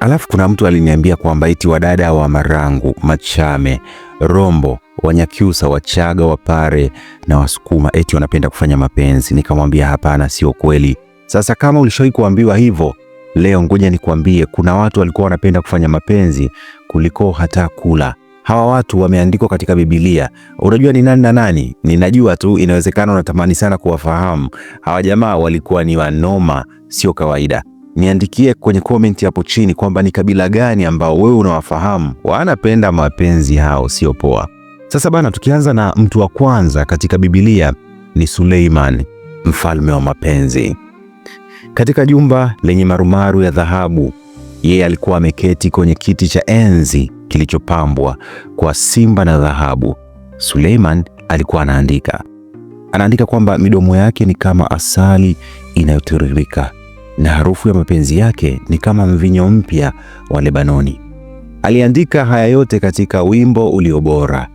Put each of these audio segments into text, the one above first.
Alafu kuna mtu aliniambia kwamba eti wadada wa Marangu, Machame, Rombo, Wanyakyusa, Wachaga, Wapare na Wasukuma eti wanapenda kufanya mapenzi. Nikamwambia hapana, sio kweli. Sasa kama ulishawahi kuambiwa hivyo, leo ngoja nikwambie, kuna watu walikuwa wanapenda kufanya mapenzi kuliko hata kula. Hawa watu wameandikwa katika Biblia. Unajua ni nani na nani? Ninajua tu, inawezekana unatamani sana kuwafahamu. Hawa jamaa walikuwa ni wanoma, sio kawaida niandikie kwenye komenti hapo chini kwamba ni kabila gani ambao wewe unawafahamu wanapenda mapenzi hao, sio poa. Sasa bana, tukianza na mtu wa kwanza katika Biblia ni Suleiman, mfalme wa mapenzi. Katika jumba lenye marumaru ya dhahabu, yeye alikuwa ameketi kwenye kiti cha enzi kilichopambwa kwa simba na dhahabu. Suleiman alikuwa anaandika, anaandika kwamba midomo yake ni kama asali inayotiririka na harufu ya mapenzi yake ni kama mvinyo mpya wa Lebanoni. Aliandika haya yote katika wimbo ulio bora,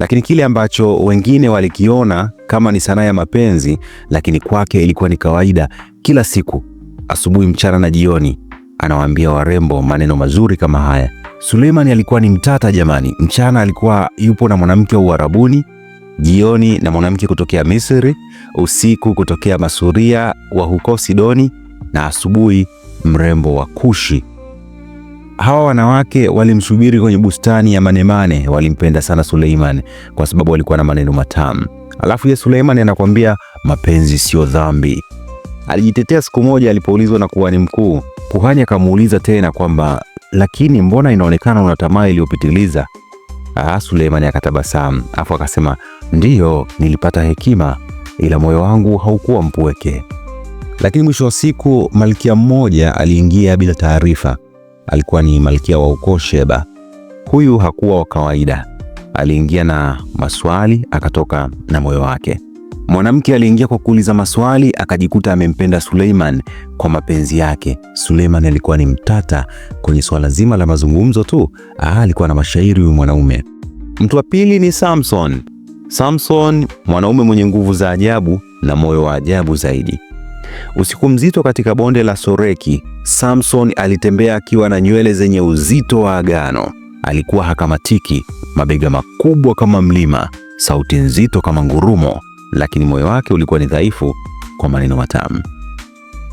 lakini kile ambacho wengine walikiona kama ni sanaa ya mapenzi, lakini kwake ilikuwa ni kawaida. Kila siku asubuhi, mchana na jioni, anawaambia warembo maneno mazuri kama haya. Suleiman alikuwa ni mtata jamani. Mchana alikuwa yupo na mwanamke wa Uarabuni, jioni na mwanamke kutokea Misri, usiku kutokea Masuria wa huko Sidoni na asubuhi mrembo wa Kushi. Hawa wanawake walimsubiri kwenye bustani ya manemane. Walimpenda sana Suleiman kwa sababu alikuwa na maneno matamu, alafu ye Suleiman anakuambia mapenzi siyo dhambi. Alijitetea siku moja alipoulizwa na kuhani mkuu. Kuhani akamuuliza tena kwamba lakini mbona inaonekana una tamaa iliyopitiliza? Ah, Suleiman akatabasamu afu akasema ndiyo, nilipata hekima ila moyo wangu haukuwa mpweke. Lakini mwisho wa siku malkia mmoja aliingia bila taarifa. Alikuwa ni malkia wa ukoo Sheba. Huyu hakuwa wa kawaida, aliingia na maswali akatoka na moyo wake. Mwanamke aliingia kwa kuuliza maswali, akajikuta amempenda Suleiman kwa mapenzi yake. Suleiman alikuwa ni mtata kwenye swala zima la mazungumzo tu. Ah, alikuwa na mashairi huyu mwanaume. Mtu wa pili ni Samson. Samson, mwanaume mwenye nguvu za ajabu na moyo wa ajabu zaidi. Usiku mzito katika bonde la Soreki, Samson alitembea akiwa na nywele zenye uzito wa agano. Alikuwa hakamatiki, mabega makubwa kama mlima, sauti nzito kama ngurumo, lakini moyo wake ulikuwa ni dhaifu kwa maneno matamu.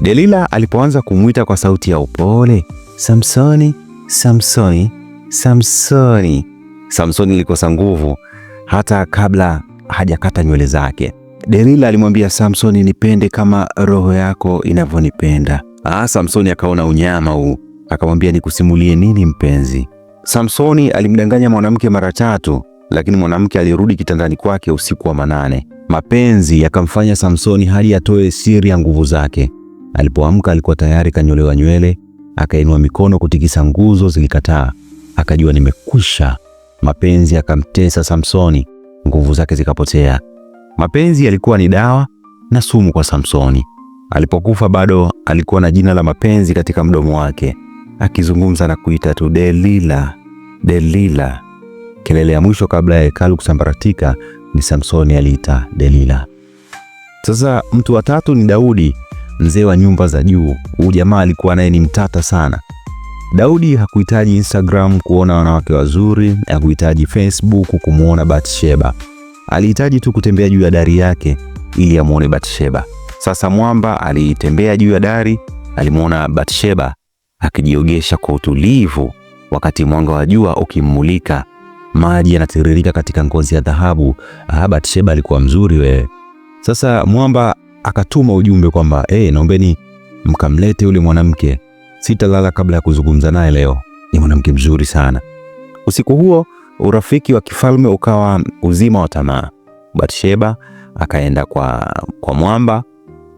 Delila alipoanza kumwita kwa sauti ya upole, Samsoni, Samsoni, Samsoni, Samsoni ilikosa nguvu hata kabla hajakata nywele zake. Delila alimwambia Samsoni, nipende kama roho yako inavyonipenda. Ah, Samsoni akaona unyama huu, akamwambia nikusimulie nini mpenzi? Samsoni alimdanganya mwanamke mara tatu, lakini mwanamke alirudi kitandani kwake usiku wa manane. Mapenzi yakamfanya Samsoni hadi atoe siri ya nguvu zake. Alipoamka alikuwa tayari kanyolewa nywele, akainua mikono kutikisa nguzo, zilikataa. Akajua nimekwisha. Mapenzi akamtesa Samsoni, nguvu zake zikapotea. Mapenzi yalikuwa ni dawa na sumu kwa Samsoni. Alipokufa bado alikuwa na jina la mapenzi katika mdomo wake, akizungumza na kuita tu Delila, Delila. Kelele ya mwisho kabla ya hekalu kusambaratika ni Samsoni aliita Delila. Sasa mtu wa tatu ni Daudi, mzee wa nyumba za juu. Huyu jamaa alikuwa naye ni mtata sana. Daudi hakuhitaji Instagram kuona wanawake wazuri, hakuhitaji Facebook kumwona Bathsheba. Alihitaji tu kutembea juu ya dari yake ili amwone Batsheba. Sasa mwamba alitembea juu ya dari, alimwona batsheba akijiogesha kwa utulivu, wakati mwanga wa jua ukimmulika, maji yanatiririka katika ngozi ya dhahabu. Ah, Batsheba alikuwa mzuri wewe. Sasa mwamba akatuma ujumbe kwamba hey, eh, naombeni mkamlete yule mwanamke, sitalala kabla ya kuzungumza naye leo, ni mwanamke mzuri sana. Usiku huo Urafiki wa kifalme ukawa uzima wa tamaa. Batsheba akaenda kwa, kwa mwamba.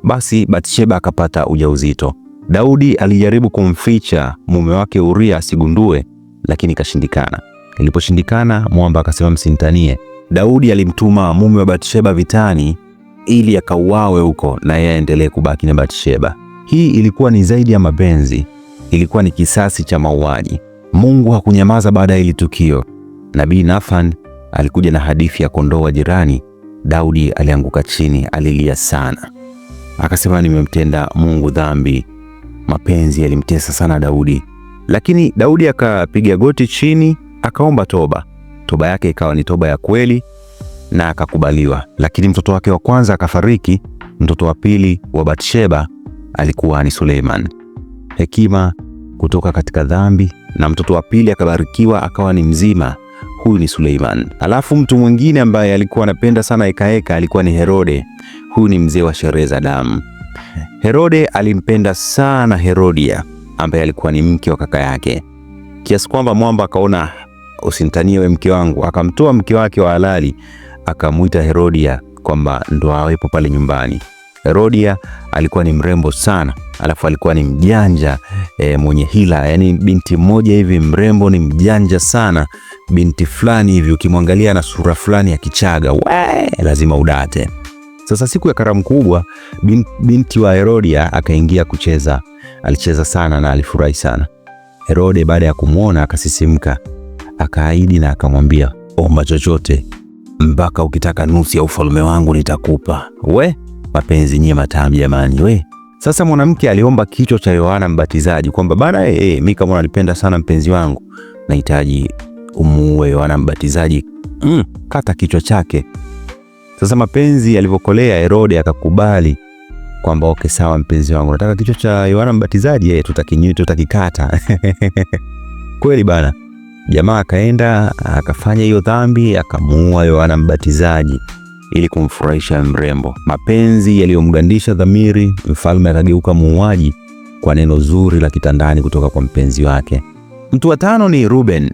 Basi Batsheba akapata ujauzito. Daudi alijaribu kumficha mume wake Uria asigundue, lakini ikashindikana. Iliposhindikana, mwamba akasema msinitanie. Daudi alimtuma mume wa Batsheba vitani ili akauawe huko na yeye aendelee kubaki na Batsheba. Hii ilikuwa ni zaidi ya mapenzi, ilikuwa ni kisasi cha mauaji. Mungu hakunyamaza baada ya hili tukio. Nabii Nathan alikuja na hadithi ya kondoo wa jirani. Daudi alianguka chini, alilia sana, akasema nimemtenda Mungu dhambi. Mapenzi yalimtesa sana Daudi, lakini Daudi akapiga goti chini, akaomba toba. Toba yake ikawa ni toba ya kweli na akakubaliwa, lakini mtoto wake wa kwanza akafariki. Mtoto wa pili wa Bathsheba alikuwa ni Suleiman, hekima kutoka katika dhambi, na mtoto wa pili akabarikiwa, akawa ni mzima huyu ni Suleiman. Alafu mtu mwingine ambaye alikuwa anapenda sana hekaheka alikuwa ni Herode. Huyu ni mzee wa sherehe za damu. Herode alimpenda sana Herodia ambaye alikuwa ni mke wa kaka yake, kiasi kwamba mwamba akaona usinitanie we mke wangu, akamtoa mke wake wa halali akamwita Herodia kwamba ndo awepo pale nyumbani. Herodia alikuwa ni mrembo sana, alafu alikuwa ni mjanja e, mwenye hila. Yani binti mmoja hivi mrembo, ni mjanja sana, binti fulani hivi, ukimwangalia na sura fulani ya Kichaga, we lazima udate. Sasa siku ya karamu kubwa, binti wa Herodia akaingia kucheza. Alicheza sana na alifurahi sana. Herode baada ya kumwona akasisimka, akaahidi na akamwambia, omba chochote mpaka ukitaka nusu ya ufalme wangu nitakupa we mapenzi nyie matamu jamani, we. Sasa mwanamke aliomba kichwa cha Yohana Mbatizaji kwamba bana, eh, hey, eh, mimi kama sana mpenzi wangu, nahitaji umuue Yohana Mbatizaji, mm, kata kichwa chake. Sasa mapenzi yalivyokolea, Herode akakubali kwamba okay, sawa mpenzi wangu, nataka kichwa cha Yohana Mbatizaji, yeye eh, tutakinywa, tutakikata. Kweli bana, jamaa akaenda akafanya hiyo dhambi, akamuua Yohana Mbatizaji ili kumfurahisha mrembo. Mapenzi yaliyomgandisha dhamiri, mfalme akageuka muuaji kwa neno zuri la kitandani kutoka kwa mpenzi wake. Mtu wa tano ni Ruben.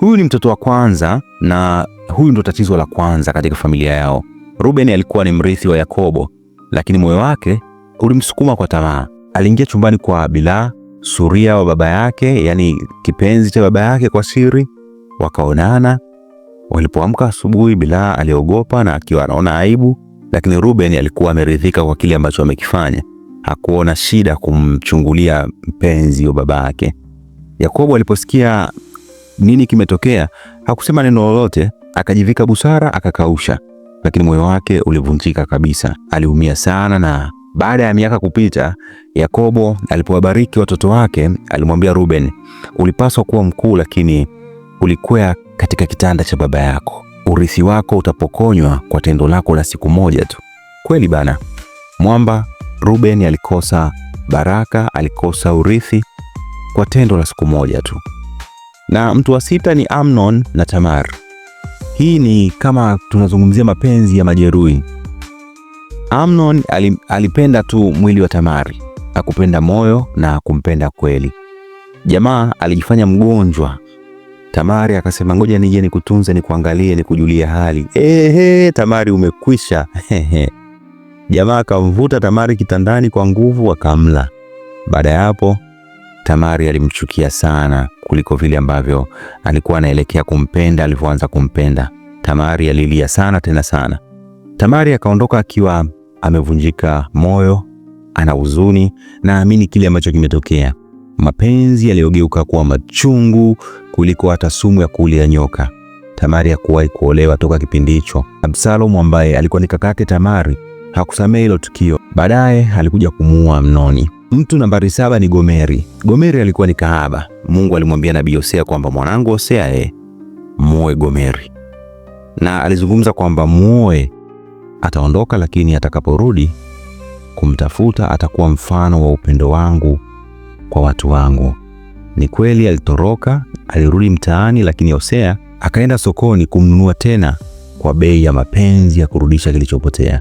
Huyu ni mtoto wa kwanza na huyu ndo tatizo la kwanza katika familia yao. Ruben alikuwa ni mrithi wa Yakobo, lakini moyo wake ulimsukuma kwa tamaa. Aliingia chumbani kwa bilaa suria wa baba yake, yani kipenzi cha baba yake, kwa siri wakaonana Walipoamka asubuhi, bilaa aliogopa na akiwa anaona aibu, lakini Ruben alikuwa ameridhika kwa kile ambacho amekifanya. Hakuona shida kumchungulia mpenzi wa baba yake. Yakobo aliposikia nini kimetokea, hakusema neno lolote, akajivika busara, akakausha, lakini moyo wake ulivunjika kabisa. Aliumia sana na baada ya miaka kupita, Yakobo alipowabariki watoto wake alimwambia Ruben, ulipaswa kuwa mkuu, lakini Ulikwea katika kitanda cha baba yako. Urithi wako utapokonywa kwa tendo lako la siku moja tu. Kweli bana. Mwamba Ruben alikosa baraka, alikosa urithi kwa tendo la siku moja tu. Na mtu wa sita ni Amnon na Tamar. Hii ni kama tunazungumzia mapenzi ya majeruhi. Amnon alipenda tu mwili wa Tamari, akupenda moyo na akumpenda kweli. Jamaa alijifanya mgonjwa Tamari akasema ngoja nije nikutunze, nikuangalie, nikujulie hali. Ehe, Tamari umekwisha. Jamaa akamvuta Tamari kitandani kwa nguvu akamla. Baada ya hapo Tamari alimchukia sana kuliko vile ambavyo alikuwa anaelekea kumpenda. Alivyoanza kumpenda, Tamari alilia sana tena sana. Tamari akaondoka akiwa amevunjika moyo, ana huzuni, naamini kile ambacho kimetokea mapenzi yaliyogeuka kuwa machungu kuliko hata sumu ya kulia nyoka. Tamari hakuwahi kuolewa toka kipindi hicho. Absalomu ambaye alikuwa ni kakake Tamari hakusamehe hilo tukio, baadaye alikuja kumuua Amnoni. Mtu nambari saba ni Gomeri. Gomeri alikuwa ni kahaba. Mungu alimwambia nabii Hosea kwamba mwanangu Hosea, e, muoe Gomeri, na alizungumza kwamba muoe, ataondoka, lakini atakaporudi kumtafuta atakuwa mfano wa upendo wangu kwa watu wangu. Ni kweli alitoroka, alirudi mtaani, lakini Hosea akaenda sokoni kumnunua tena kwa bei ya mapenzi ya kurudisha kilichopotea.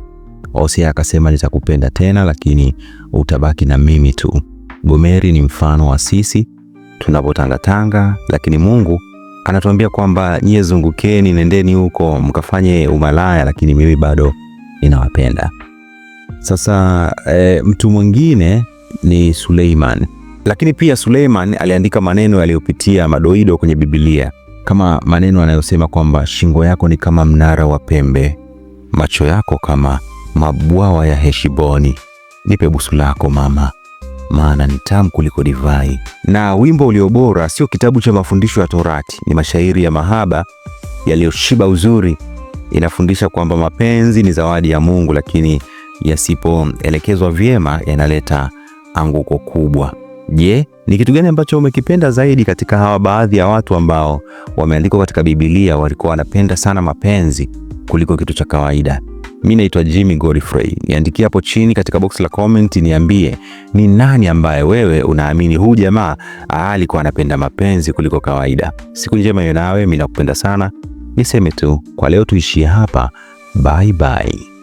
Hosea akasema, nitakupenda tena, lakini utabaki na mimi tu. Gomeri ni mfano wa sisi tunapotangatanga, lakini Mungu anatuambia kwamba nyie zungukeni, nendeni huko mkafanye umalaya, lakini mimi bado ninawapenda. Sasa e, mtu mwingine ni Suleiman. Lakini pia Suleiman aliandika maneno yaliyopitia madoido kwenye Biblia, kama maneno anayosema kwamba shingo yako ni kama mnara wa pembe, macho yako kama mabwawa ya Heshiboni. Nipe busu lako mama, maana ni tamu kuliko divai. Na wimbo uliobora sio kitabu cha mafundisho ya Torati, ni mashairi ya mahaba yaliyoshiba uzuri. Inafundisha kwamba mapenzi ni zawadi ya Mungu, lakini yasipoelekezwa vyema yanaleta anguko kubwa. Je, ni kitu gani ambacho umekipenda zaidi katika hawa baadhi ya watu ambao wameandikwa katika Biblia walikuwa wanapenda sana mapenzi kuliko kitu cha kawaida? Mi naitwa Jimmy Godfrey. Niandikie hapo chini katika box la comment, niambie ni nani ambaye wewe unaamini huu jamaa alikuwa anapenda mapenzi kuliko kawaida. Siku njema hiyo nawe, mi nakupenda sana. Niseme tu kwa leo tuishie hapa. Bye bye.